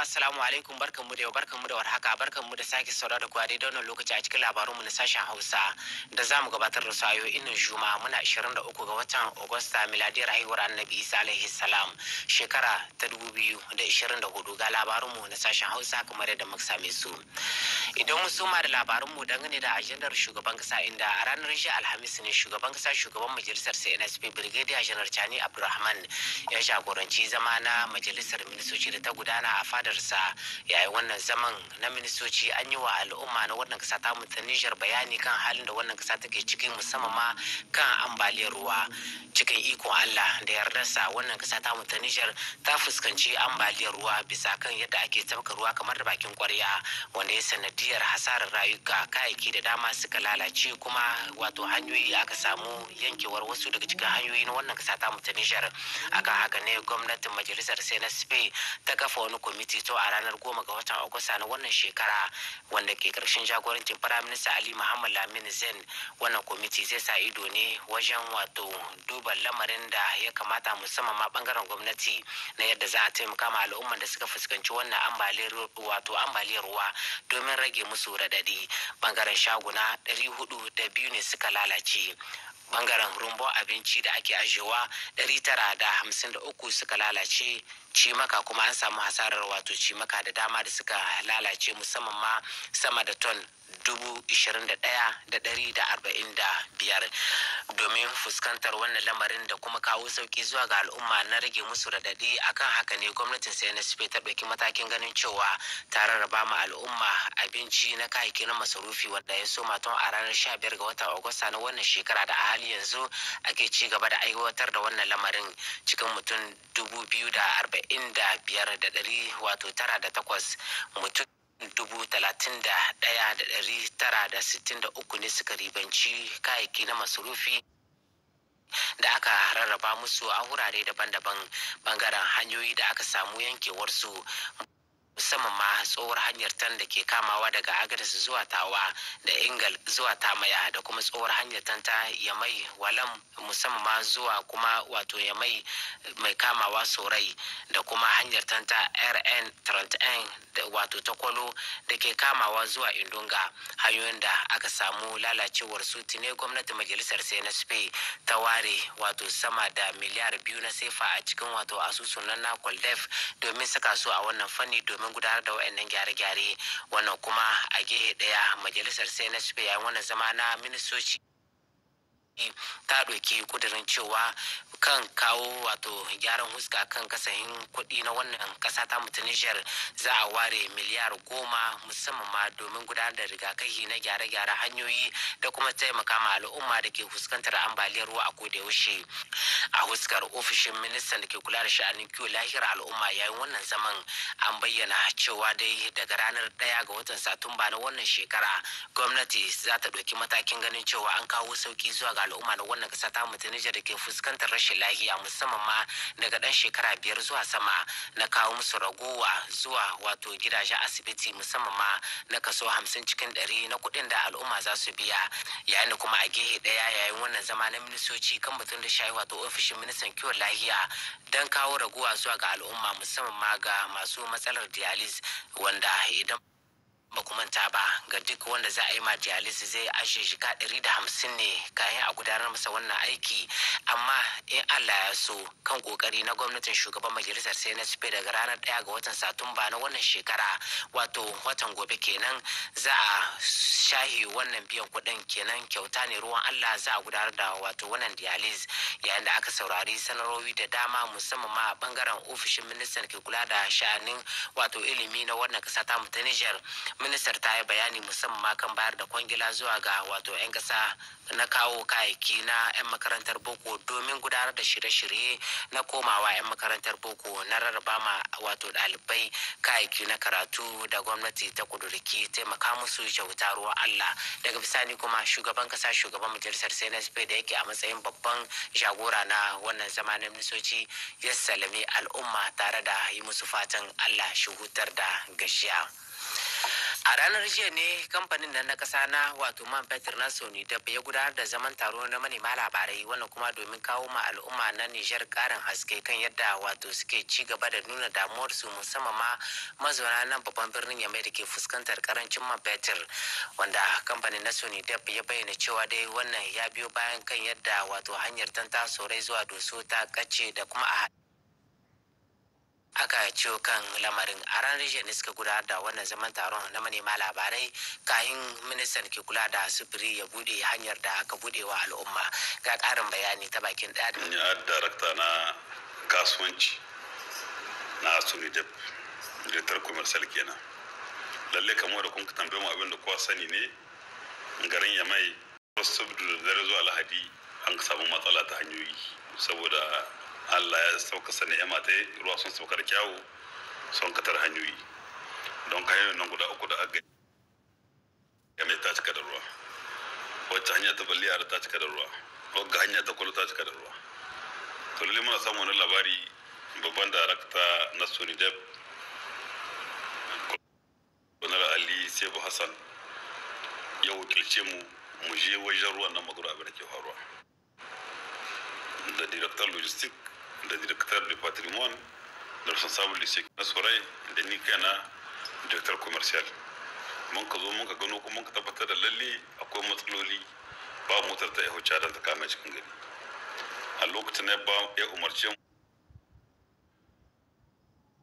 assalamu alaikum mu da yau mu da warhaka mu da sake saura da kuwa da wannan lokaci a cikin mu na sashen Hausa da zamu gabatar da su a inin juma muna 23 ga watan Agusta miladi haihuwar Annabi Isa alaihi salam shekara ta 2024 ga labarunmu na sashen Hausa kamar yadda muka same su. Idan mu suma da labarunmu dangane da ajandar shugaban kasa inda a ranar jiya Alhamis ne shugaban kasa shugaban majalisar CNSP Brigadier General Chani Abdulrahman ya jagoranci zama na majalisar ministoci da ta gudana a fadar fadarsa yayin wannan zaman na ministoci an yi wa al'umma na wannan kasa ta ta Nijar bayani kan halin da wannan kasa take ciki musamman ma kan ambaliyar ruwa cikin ikon Allah da yardarsa wannan kasa ta ta Nijar ta fuskanci ambaliyar ruwa bisa kan yadda ake tafka ruwa kamar da bakin kwarya wanda ya sanadiyar hasarar rayuka kayayyaki da dama suka lalace kuma wato hanyoyi aka samu yankewar wasu daga cikin hanyoyi na wannan kasa ta ta Nijar akan haka ne gwamnatin majalisar sai na ta kafa wani kwamiti fito a ranar goma ga watan agusta na wannan shekara wanda ke karshen jagorancin firaminista ali muhammad lamin zen wannan kwamiti zai sa ido ne wajen wato duba lamarin da ya kamata musamman ma bangaren gwamnati na yadda za a taimaka ma al'umman da suka fuskanci wannan wato ambaliyar ruwa domin rage musu radadi bangaren shaguna biyu ne suka lalace bangaren rumbun abinci da ake ajiyewa uku suka lalace cimaka kuma an samu hasarar wato cimaka da dama da suka lalace musamman ma sama da ton dubu ishirin domin fuskantar wannan lamarin da kuma kawo sauki zuwa ga al'umma na rage musu raɗaɗi akan haka ne gwamnatin cnsp ta ɗauki matakin ganin cewa ta rarraba ma al'umma abinci na kayayyaki na masarufi wanda ya soma tun a ranar sha biyar ga watan agusta na wannan shekara da a hali yanzu ake ci gaba da aiwatar da wannan lamarin cikin mutum dubu biyu da arba'in da biyar da ɗari wato tara da takwas mutum dubu talatin da ɗaya da da sittin da uku ne suka ribanci kayayyaki na masurufi da aka rarraba musu a wurare daban-daban bangaren hanyoyi da aka samu yankewarsu musamman ma tsohuwar hanyar tan da ke kamawa daga agadas zuwa tawa da ingal zuwa tamaya da kuma tsohuwar hanyar tan ta yamai walam musamman ma zuwa kuma wato yamai mai kamawa sorai da kuma hanyar tan ta rn 31 da wato ta kwalo da ke kamawa zuwa indunga hanyoyin da aka samu lalacewar su tune gwamnati majalisar cnsp ta ware wato sama da miliyar biyu na sefa a cikin wato asusun na kwaldef domin saka su a wannan fanni domin domin gudanar da wayannan gyare-gyare wannan kuma a gehe daya majalisar senate na yayin wannan zama na ministoci ta ɗauki kudirin cewa kan kawo wato gyaran huska kan kasahin kuɗi na wannan ƙasa ta mutunishiyar za a ware miliyar goma musamman ma domin gudanar da rigakafi na gyare-gyare hanyoyi da kuma taimaka ma al'umma da ke fuskantar ambaliyar ruwa a koda yaushe a huskar ofishin ministan da ke kula da sha'anin kiwo lahiyar al'umma yayin wannan zaman an bayyana cewa dai daga ranar ɗaya ga watan satumba na wannan shekara gwamnati za ta ɗauki matakin ganin cewa an kawo sauki zuwa ga al'umma na wannan kasa ta mutu Nijar da ke fuskantar rashin lahiya musamman ma daga dan shekara biyar zuwa sama na kawo musu ragowa zuwa wato gidajen asibiti musamman ma na kaso hamsin cikin ɗari na kuɗin da al'umma za su biya yayin da kuma a gehe ɗaya yayin wannan zama na ministoci kan batun da shayi wato ofishin ministan kiwon lahiya don kawo raguwa zuwa ga al'umma musamman ma ga masu matsalar dialysis wanda idan ba ku manta ba ga duk wanda za a yi ma dialysis zai ajiye shiga ɗari da hamsin ne kayan a gudanar masa wannan aiki amma in Allah ya so kan kokari na gwamnatin shugaban majalisar sai na daga ranar ɗaya ga watan satumba na wannan shekara wato watan gobe kenan za a shahi wannan biyan kuɗin kenan kyauta ne ruwan Allah za a gudanar da wato wannan dialysis yayin da aka saurari sanarori da dama musamman ma a bangaren ofishin ministan ke kula da sha'anin wato ilimi na wannan ƙasa ta mu ta Niger ministar ta yi bayani musamman kan bayar da kwangila zuwa ga wato 'yan ƙasa na kawo kayayyaki na 'yan makarantar boko domin gudanar da shirye-shirye na komawa 'yan makarantar boko na rarraba ma wato ɗalibai kayayyaki na karatu da gwamnati ta kudurki taimaka musu kyauta ruwan allah daga bisani kuma shugaban kasa shugaban majalisar cnsp da yake a matsayin babban jagora na wannan zama na ministoci ya salami al'umma tare da yi musu fatan allah shi hutar da gajiya a ranar jiya ne kamfanin nan na ƙasa na wato man fetur na sony da ya gudanar da zaman taro na manema labarai wannan kuma domin kawo ma al'umma na nijar karin haske kan yadda wato suke ci gaba da nuna damuwarsu musamman ma mazauna nan babban birnin yamai da ke fuskantar karancin man fetur wanda kamfanin na sony da ya bayyana cewa dai wannan ya biyo bayan kan yadda wato hanyar tanta zuwa doso ta kace da kuma a aka ciyo kan lamarin a ranar jiya ne suka gudanar da wannan zaman taron na manema labarai kayan ministan ke kula da sufuri ya bude hanyar da aka bude wa al'umma ga karin bayani ta bakin ɗaya da ya darakta na kasuwanci na asunidep direktar commercial kenan lalle kamo da kun tambaye mu abin da kowa sani ne garin ya mai wasu da zuwa lahadi an samu matsala ta hanyoyi saboda allah ya sauka sani yama ta ruwa sun saukar da kyawu sun katar hanyoyi don ka hanyoyin nan guda uku da aka ya mai ta cika da ruwa wacce hanya ta balliya ta cika da ruwa wacce hanya ta kula ta cika da ruwa to lalle muna samun wani labari babban darakta na sony deb kwanar ali sebu hassan ya wakilce mu mu je wajen ruwan nan magura abin da ke faruwa da director logistik. da directeur du patrimoine da responsable du sec na surai da ni kaina directeur commercial mun ka zo mun ka gano kuma mun ka tabbatar da lalle akwai matsaloli ba motar ta ya huce da ta kama cikin gari a lokacin ya ba ya umarce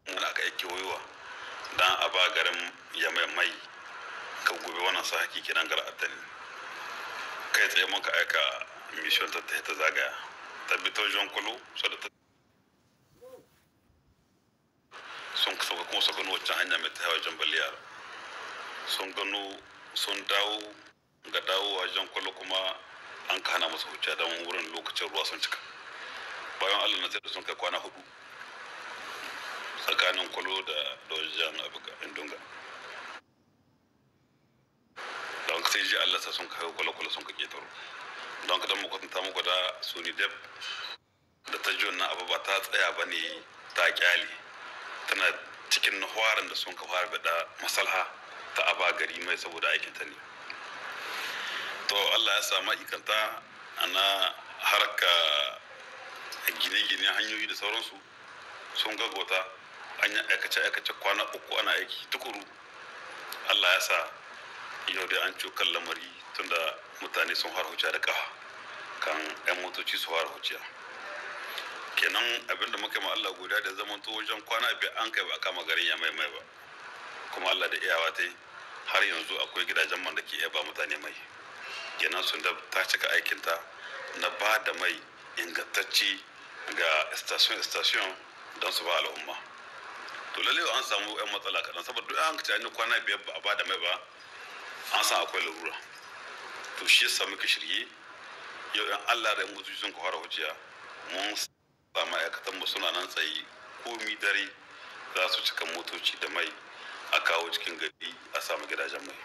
mun aka yi kewayowa dan a ba garin ya mai mai ka gobe wannan sa haki kiran gar attani kai tsaye mun ka aika mission ta ta zagaya tabbitar jon kulu sau da ta sun sauka kuma su gano wacce hanya mai ta wajen baliyar sun gano sun dawo ga dawo wajen kwallo kuma an ka hana musu hujja don wurin lokacin ruwa sun cika bayan allah na da sun kai kwana hudu tsakanin kwallo da wajen abuka indunga don sai ji allah sa sun kai kwallo-kwallo sun kake taro don ka don makwatanta muku da suni deb da ta jiyon na abu ba ta tsaya ba ne ta kyale tana cikin nahuwarin da sun ka fara da masalha ta aba gari mai saboda aikin ta ne to allah ya sa ma'aikanta ana harka gine-gine hanyoyi da sauransu sun gagota an yi aikace-aikace kwana uku ana aiki tukuru allah ya sa yau da an cokan lamari tunda mutane sun har huce da kafa kan 'yan motoci su har kenan abinda muka ma Allah guda da zaman to wajen kwana biyu an kai ba kama garin ya mai mai ba kuma Allah da iyawa ta har yanzu akwai gidajen man da ke iya ba mutane mai kenan sun da ta cika aikinta na ba da mai ingantacci ga station station don su ba al'umma to lalle an samu yan matsala kaɗan saboda duk an an kwana biyar ba a ba da mai ba an san akwai lura to shi samu ka shirye yau in Allah da yan mutu sun ka fara hujiya mun ba ma'aikatan mu suna nan tsaye komi dare za su cika motoci da mai a kawo cikin gari a samu gidajen mai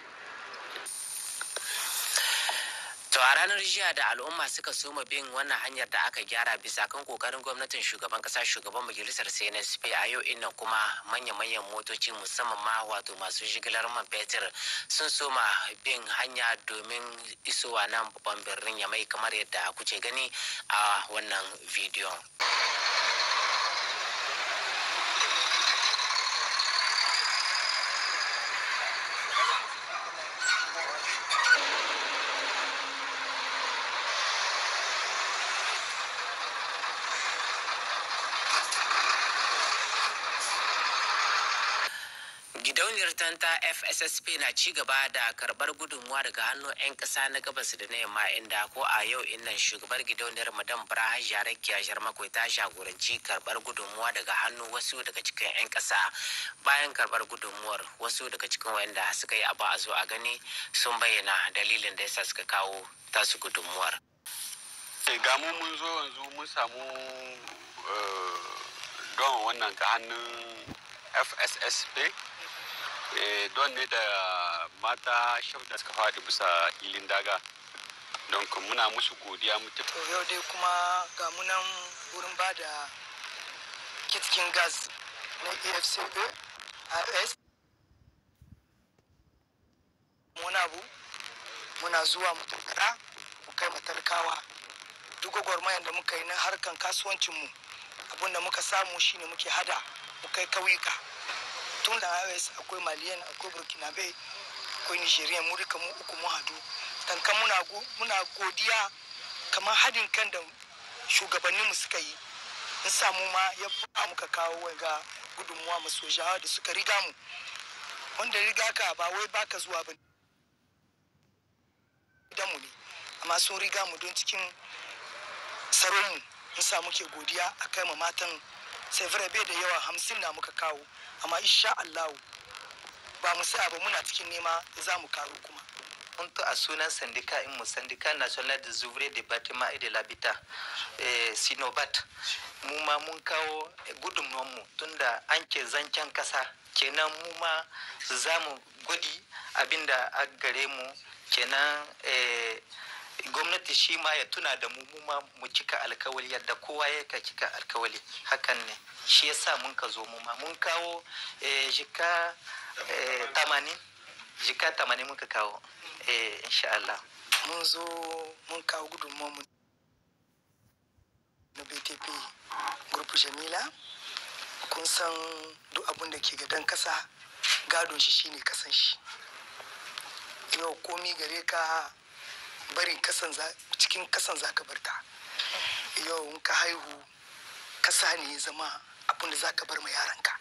a ranar jiya da al'umma suka soma bin wannan hanyar da aka gyara bisa kan kokarin gwamnatin shugaban kasa shugaban majalisar CNSP a yau innan kuma manya-manyan motoci musamman ma wato masu jigilar man fetur sun soma bin hanya domin isowa nan babban birnin ya mai kamar yadda kuke gani a wannan bidiyon. Ƙungiyar ta FSSP na ci gaba da karɓar gudunmuwa daga hannun 'yan ƙasa na gabas da na yamma inda ko a yau innan shugabar gidauniyar Madam Braha Jarar Kiyashar Makwai ta shagoranci karɓar gudunmuwa daga hannun wasu daga cikin 'yan ƙasa. Bayan karɓar gudunmuwar wasu daga cikin wanda suka yi abu a zo a gani sun bayyana dalilin da yasa suka kawo tasu gudunmuwar. Eh, ga mu mun zo yanzu mun samu don eh, wannan ga hannun FSSP Eh, don ne da mata shaf da suka faɗi bisa ilin daga don muna musu godiya mutu to yau dai kuma ga munan wurin ba da kitkin gas na efcb rs muna bu muna zuwa mu mu kai matalkawa duk gwagwarmayan da muka yi na harkan kasuwancinmu abinda muka samu shine muke hada mu kai kauyuka tun da ios akwai maliyan akwai burkina burkinabe akwai nigeria mu duka mu uku mu hadu kan muna godiya kamar hadin kan da shugabannin mu suka yi in samu ma ya ba muka kawo ga gudunmuwa mu soja da suka riga mu wanda riga ka ba wai baka zuwa ba mu ne amma sun riga mu don cikin tsaronmu in sa muke godiya a kai ma matan sai fure bai da yawa hamsin na muka kawo amma insha allahu ba mu sa ba muna cikin nema za mu karo kuma unto a sunan sandika mu sandika national de zuvre de batima e de labita eh, sinobat mu ma mun kawo gudunmu tunda an ke zancen kasa kenan mu ma za mu gudi abinda a gare mu kenan eh, gwamnati shi ma ya tuna da mu ma mu cika alkawali yadda kowa ya ka cika alkawali hakan ne shi ya sa mun ka zo mu ma mun kawo eh, jika eh, tamanin jika tamanin muka kawo eh, insha Allah mun zo mun kawo gudunmu na btp group jamila kun san duk abin da ke gadon kasa gadon shi shine kasan shi yau komi gare ka bari kasan cikin kasan za ka barta yau in ka haihu kasa ne zama abin da za ka bar ma yaranka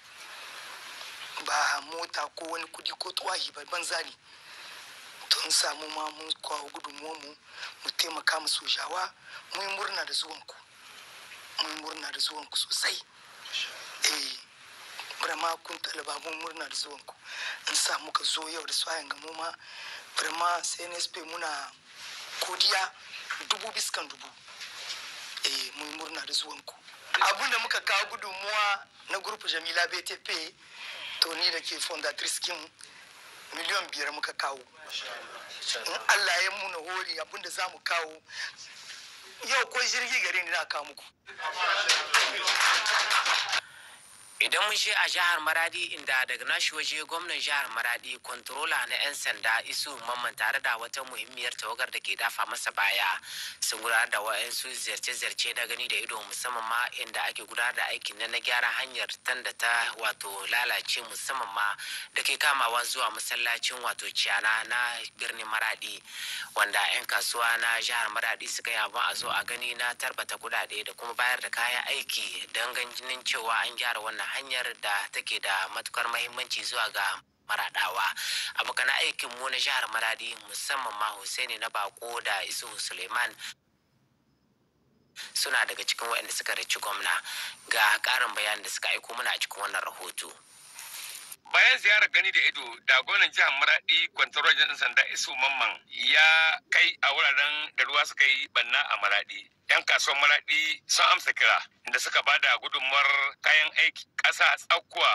ba mota ko wani kudi ko tuwahi ba banza ne tun samu ma mun kawo gudunmuwa mu mu taimaka mu sojawa mun murna da zuwanku mun murna da zuwanku sosai eh burama kun talaba mun murna da zuwanku in samu ka zo yau da swayan ga mu ma burama sai muna godiya dubu biskan dubu eh mun murna da zuwan abun da muka kawo gudunmuwa na grupu jamila btp to ni da ke fondatrice kin miliyan biyar muka kawo in allah ya muna hori abun da za mu kawo yau ko jirgi gari ni na kawo muku idan mun je a jihar maradi inda daga nashi waje gwamnan jihar maradi kontrola na 'yan sanda isu mamman tare da wata muhimmiyar tawagar da ke dafa masa baya sun gudanar da wa'yansu ziyarce-ziyarce na gani da ido musamman ma inda ake gudanar da aikin na gyara hanyar tan ta wato lalace musamman ma da ke kamawa zuwa masallacin wato ciyana na birnin maradi wanda 'yan kasuwa na jihar maradi suka yi a zo a gani na tarbata kudade da kuma bayar da kayan aiki don ganin cewa an gyara wannan hanyar da take da matukar mahimmanci zuwa ga maradawa abokan aikin mu na jihar maradi musamman ma Hussaini na bako da isuhu suleiman suna daga cikin waɗanda suka rici gwamna ga ƙarin bayanin da suka aiko mana a cikin wannan rahoto bayan ziyarar gani da ido da gwamnan jihar maradi kwantarar jin sanda isu mamman ya kai a wuraren da ruwa suka yi banna a maradi yan kasuwar maradi sun amsa kira inda suka ba da gudunmuwar kayan aiki ƙasa tsakuwa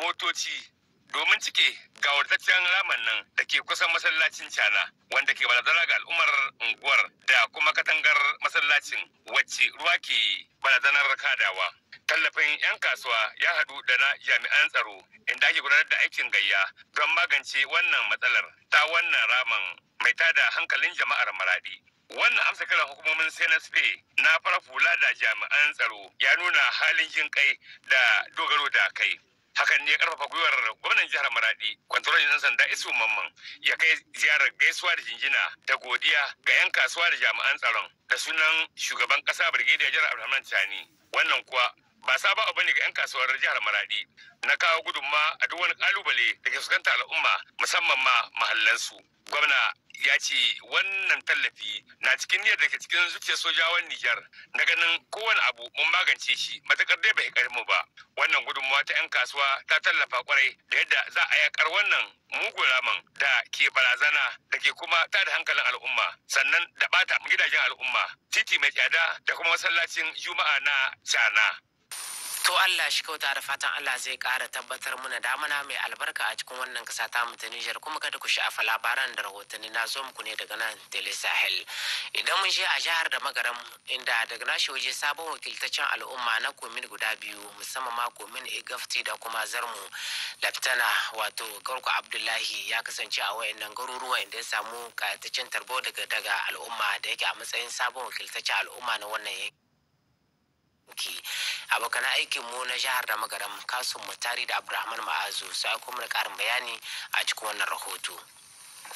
motoci domin cike ga wadataccen raman nan da ke kusan masallacin cana wanda ke barazana ga al'ummar unguwar da kuma katangar masallacin wacce ruwa ke barazanar kadawa Tallafin 'yan kasuwa ya haɗu da na jami'an tsaro inda ake gudanar da aikin gayya don magance wannan matsalar ta wannan raman mai tada hankalin jama'ar maradi. Wannan amsa kiran hukumomin CNSP na fara hula da jami'an tsaro ya nuna halin jin kai da dogaro da kai. hakan ne ya karfafa gwiwar gwamnan jihar maradi kwantarolin yan sanda isu mamman ya kai ziyarar gaisuwa da jinjina da godiya ga yan kasuwa da jami'an tsaron da sunan shugaban kasa birgidiyar jihar abdulrahman tani wannan kuwa ba sabon abu ne ga 'yan kasuwar jihar maradi na kawo gudunma a duk wani kalubale da ke fuskanta al'umma musamman ma mahallansu gwamna ya ce wannan tallafi na cikin niyyar da ke cikin zuciyar sojawan nijar na ganin kowane abu mun magance shi matakar dai bai karmu ba wannan gudunmawa ta 'yan kasuwa ta tallafa kwarai da yadda za a yakar wannan mugun ramin da ke barazana da ke kuma ta da hankalin al'umma sannan da bata gidajen al'umma titi mai tsada da kuma masallacin juma'a na cana to Allah shi kauta da fatan Allah zai ƙara tabbatar muna damana mai albarka a cikin wannan ƙasa ta mu ta Nijar kuma kada ku sha'afa labaran da rahotanni na zo muku ne daga nan Tele Sahel idan mun je a jihar da magaram inda daga nashi waje sabon wakiltaccen al'umma na komin guda biyu musamman ma komin Igafti da kuma Zarmu Laftana wato Garko Abdullahi ya kasance a wayannan garuruwa inda ya samu kayataccen tarbo daga daga al'umma da yake a matsayin sabon wakiltaccen al'umma na wannan yanki ki abokan aikin mu na jihar da magaram mu mutari da abrahman ma'azu sai kuma da karin bayani a cikin wannan rahoto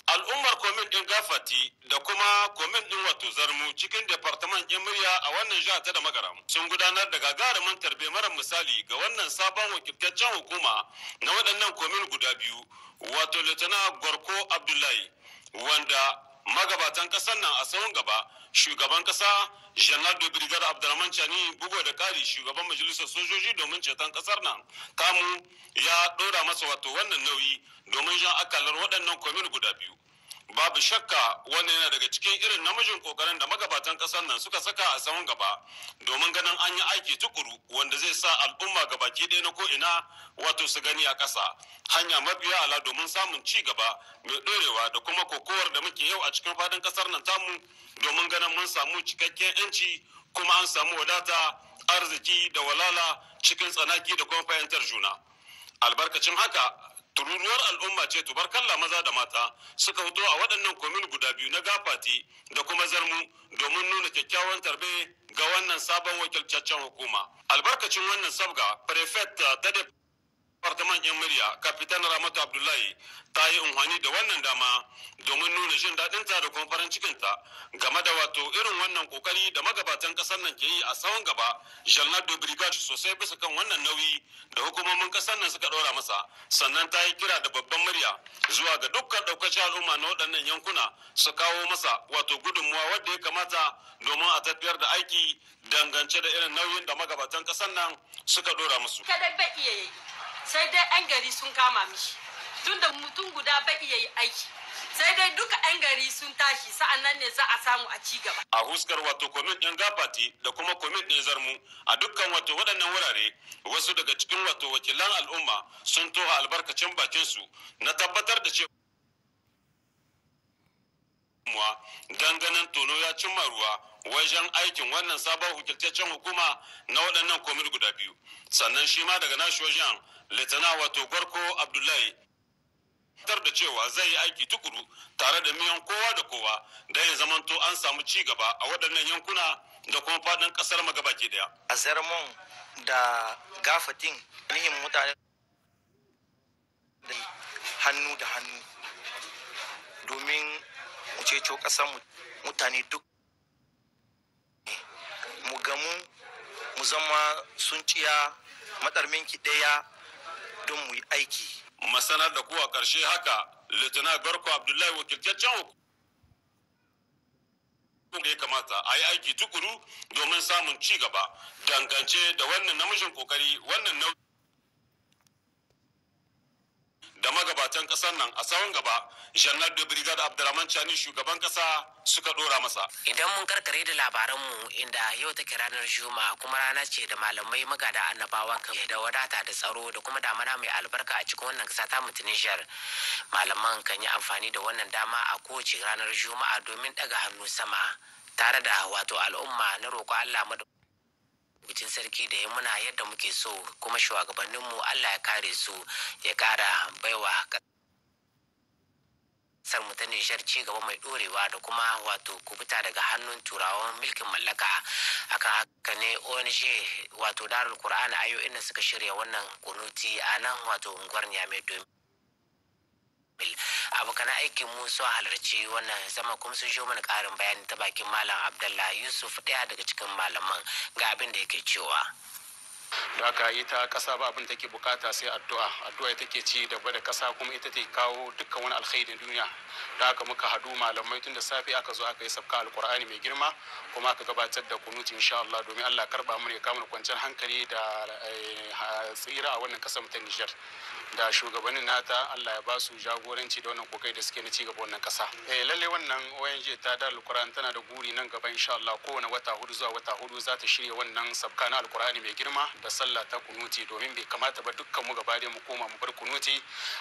al'ummar komin din gafati da kuma komin din wato zarmu cikin departament ɗin murya a wannan jiha ta da magaram sun gudanar da gagarumin tarbe mara misali ga wannan sabon wakiltaccen hukuma na waɗannan komin guda biyu wato litana gorko abdullahi wanda magabatan kasar nan a tsawon gaba shugaban kasa janar da brigar abdulrahman chani bugu da kari shugaban majalisar sojoji domin ceton kasar nan kamu ya dora masa wato wannan nauyi domin jan akalar waɗannan kwamin guda biyu babu shakka wannan yana daga cikin irin namijin kokarin da magabatan kasar nan suka saka a saman gaba domin ganin an yi aiki tukuru wanda zai sa al'umma gabaki ɗaya na ko'ina wato su gani a ƙasa hanya mafiya ala domin samun ci gaba mai ɗorewa da kuma kokowar da muke yau a cikin faɗin ƙasar nan tamu domin ganin mun samu cikakken 'yanci kuma an samu wadata arziki da walala cikin tsanaki da kuma fahimtar juna albarkacin haka tururuwar al'umma ce tubarkalla maza da mata suka fito a waɗannan komin guda biyu na gafati da kuma zarmu domin nuna kyakkyawan tarbe ga wannan sabon wakilcaccen hukuma albarkacin wannan sabga prefect ta departament yan murya kapitan ramatu abdullahi ta yi unhwani da wannan dama domin nuna jin daɗinta da kuma farin cikinta game da wato irin wannan kokari da magabatan kasar nan ke yi a tsawon gaba jalnado brigade sosai bisa kan wannan nauyi da hukumomin kasar nan suka ɗora masa sannan ta yi kira da babban murya zuwa ga dukkan ɗaukaci al'umma na waɗannan yankuna su kawo masa wato gudunmuwa wadda ya kamata domin a tafiyar da aiki dangance da irin nauyin da magabatan kasar nan suka ɗora musu. sai dai 'yan gari sun kama mishi tun da mutum guda bai iya yi aiki sai dai duka 'yan gari sun tashi sa'an ne za a samu a ci gaba. A huskar wato kwamit ɗin gafati da kuma kwamit ɗin zarmu a dukkan wato waɗannan wurare wasu daga cikin wato wakilan al'umma sun toha albarkacin bakinsu na tabbatar da cewa. don ganin tono ya cimma ruwa wajen aikin wannan sabon hukuntaccen hukuma na waɗannan komir guda biyu sannan shi ma daga nashi wajen Laitana wato Gorko Abdullahi tar da cewa zai yi aiki tukuru tare da miyan kowa da kowa da ya zamanto an samu ci gaba a waɗannan yankuna da kuma faɗin ƙasar magabaki daya. A zarmon da gafatin nihin mutane da hannu da hannu domin mu ceto ƙasar mutane duk mu gamu mu zama sun ciya ki ɗaya don mu yi aiki. masana da kuwa karshe haka Litina Garko Abdullahi wakiltaccen da ya kamata a yi aiki tukuru domin samun ci gaba dangance da wannan namijin kokari wannan nau'i da magabatan kasar nan a tsawon gaba janar da brigad abdulrahman chani shugaban kasa suka dora masa idan mun karkare da labaranmu inda yau take ranar juma kuma rana ce da malamai magada annabawa kan da wadata da tsaro da kuma damana mai albarka a cikin wannan kasa ta mutunishiyar malaman kan yi amfani da wannan dama a kowace ranar juma'a domin daga hannu sama tare da wato al'umma na roƙo allah bikin sarki da ya muna yadda muke so kuma shugabanninmu Allah ya kare su ya kara baiwa kasar mu ta Nijar ci gaba mai ɗorewa da kuma wato kubuta daga hannun turawan mulkin mallaka akan haka ne ONG wato Darul Qur'an ayo ina suka shirya wannan kunuti a nan wato unguwar Niamey domin nabil abokan aikin mu halarci wannan zama kuma sun jo mana karin bayani ta bakin malam abdallah yusuf daya daga cikin malaman ga abin da yake cewa da aka yi ta kasa ba abin take bukata sai addu'a addu'a ita ke ci da da kasa kuma ita take kawo dukkan wani alkhairin duniya da aka muka hadu malamai tun da safe aka zo aka yi sabka alkur'ani mai girma kuma aka gabatar da kunuti insha Allah domin Allah karba mu ne mu kwanciyar hankali da eh, tsira a wannan kasar ta Niger da shugabannin nata Allah ya ba su jagoranci da wannan kokai da suke na ci gaba wannan kasa eh lalle wannan ONG ta da alkur'ani tana da guri nan gaba insha Allah kowane wata hudu zuwa wata hudu za ta shirya wannan sabka na alkur'ani mai girma da sallah ta kunuti domin bai kamata ba dukkan mu gaba mu koma mu bar kunuti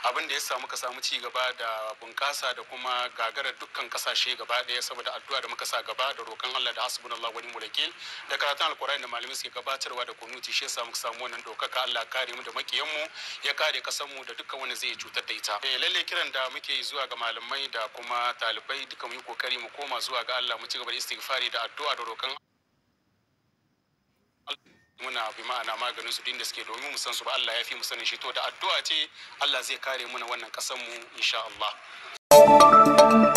abin da ya samu ka samu ci gaba da bunƙasa da kuma gagarar dukkan kasashe gaba ɗaya saboda addu'a da muka sa gaba da roƙon Allah da hasbunallahu wa ni'mal wakil da karatun alqur'ani da malamai suke gabatarwa da kunuti shi yasa muka samu wannan doka ka Allah kare mu da makiyan mu ya kare kasan mu da dukkan wanda zai cutar da ita eh lalle kiran da muke zuwa ga malamai da kuma talibai duka mu yi kokari mu koma zuwa ga Allah mu ci gaba da istighfari da addu'a da roƙon muna bi ma'ana maganin su dinda suke domin mu san su ba Allah ya fi mu sanin shi to da addu'a ce Allah zai kare muna wannan kasan mu insha Allah